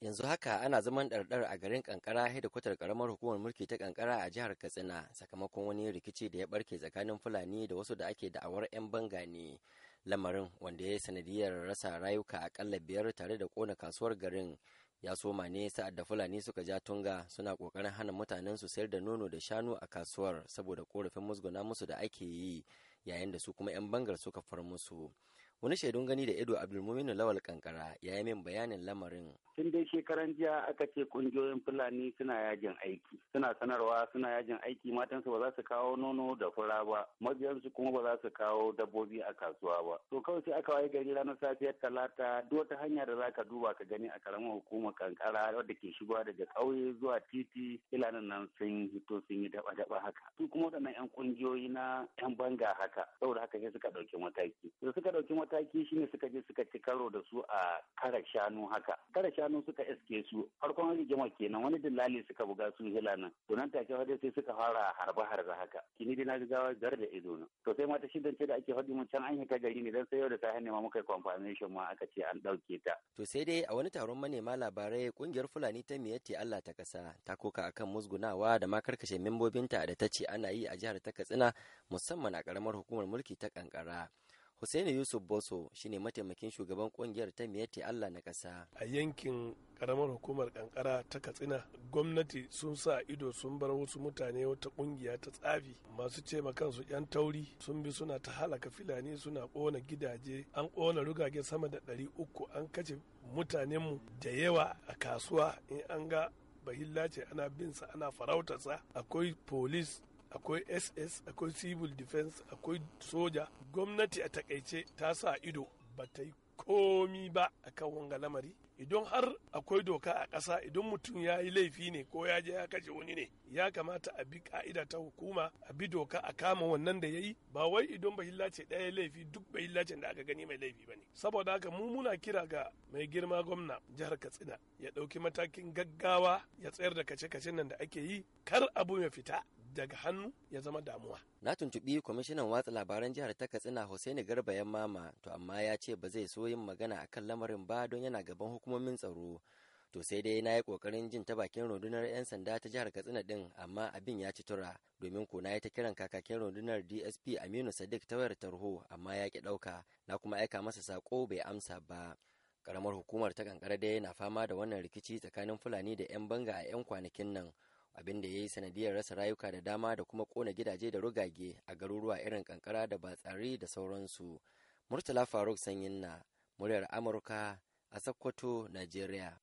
yanzu haka ana zaman ɗarɗar a garin kankara kwatar karamar hukumar mulki ta kankara a jihar katsina sakamakon wani rikici da ya barke tsakanin fulani da wasu da ake da'awar 'yan banga ne lamarin wanda ya yi sanadiyar rasa rayuka akalla biyar tare da kona kasuwar garin ya soma ne sa'ad da fulani suka ja tunga suna kokarin hana mutanen su sayar da nono da shanu a kasuwar saboda korafin musguna musu da ake yi yayin da su kuma 'yan bangar suka far musu Wani shaidun gani da ido Abdulmuminu Lawal Kankara ya yi min bayanin lamarin. Tun dai shekaran jiya aka ce kungiyoyin Fulani suna yajin aiki. Suna sanarwa suna yajin aiki matansu ba za su kawo nono da fura ba. Mabiyansu kuma ba za su kawo dabbobi a kasuwa ba. To kawai sai aka waye gari ranar safiyar talata duk wata hanya da za ka duba ka gani a karamar hukumar kankara wadda ke shigowa daga ƙauye zuwa titi ilanin nan sun to sun yi daba-daba haka. Su kuma waɗannan 'yan kungiyoyi na 'yan banga haka. Saboda haka sai suka ɗauki mataki. Da suka ɗauki mataki ne suka je suka ci karo da su a kara shanu haka kara shanu suka iske su farkon rigima kenan wani dillali suka buga su hila nan to nan take hade sai suka fara harba harba haka kini dina ga gar da ido na to sai mata shidan ce da ake hadu mun can an yi ta gari ne dan sai yau da safe ne ma muka confirmation ma aka ce an ɗauke ta to sai dai a wani taron manema labarai kungiyar Fulani ta Miyatti Allah ta kasa ta koka akan musgunawa da ma karkashe membobinta da ta ce ana yi a jihar ta Katsina musamman a karamar hukumar mulki ta Kankara Hussaini Yusuf Boso shine mataimakin shugaban kungiyar ta Miyati Allah na ƙasa. A yankin karamar hukumar kankara ta Katsina, gwamnati sun sa ido sun bar wasu mutane wata kungiya ta tsafi masu ce kansu 'yan tauri sun bi suna ta halaka filani suna ƙona gidaje an ƙona rugage sama da ɗari uku an kace mutanenmu da yawa a kasuwa in an ga bahilla ana binsa ana farautarsa akwai polis akwai ss akwai civil defense akwai soja gwamnati a takaice ta sa ido ba ta yi komi ba kan wanga lamari idan har akwai doka a ƙasa idan mutum ya yi laifi ne ko ya je ya kashe wani ne ya kamata a bi ka'ida ta hukuma a bi doka a kama wannan da ya yi ba wai idan bahilla ce ɗaya laifi duk bahilla da aka gani mai laifi ba ne saboda haka mu muna kira ga mai girma gwamna jihar katsina ya ɗauki matakin gaggawa ya tsayar da kace-kacen nan da ake yi kar abu ya fita daga hannu ya zama damuwa. Na tuntuɓi kwamishinan watsa labaran jihar ta Katsina Hussaini Garba ya mama to amma ya ce ba zai so yin magana a kan lamarin ba don yana gaban hukumomin tsaro. To sai dai na yi ƙoƙarin jin ta bakin rundunar 'yan sanda ta jihar Katsina ɗin amma abin ya ci tura domin ko na yi ta kiran kakakin rundunar DSP Aminu Sadiq ta wayar tarho amma ya ki ɗauka na kuma aika masa saƙo bai amsa ba. Ƙaramar hukumar ta ƙanƙara dai na fama da wannan rikici tsakanin Fulani da 'yan banga a 'yan kwanakin nan. abin da ya yi sanadiyar rasa rayuka da dama da kuma kona gidaje da rugage a garuruwa irin kankara da batsari da sauransu murtala faruk sanyin na muryar amurka a sokoto najeriya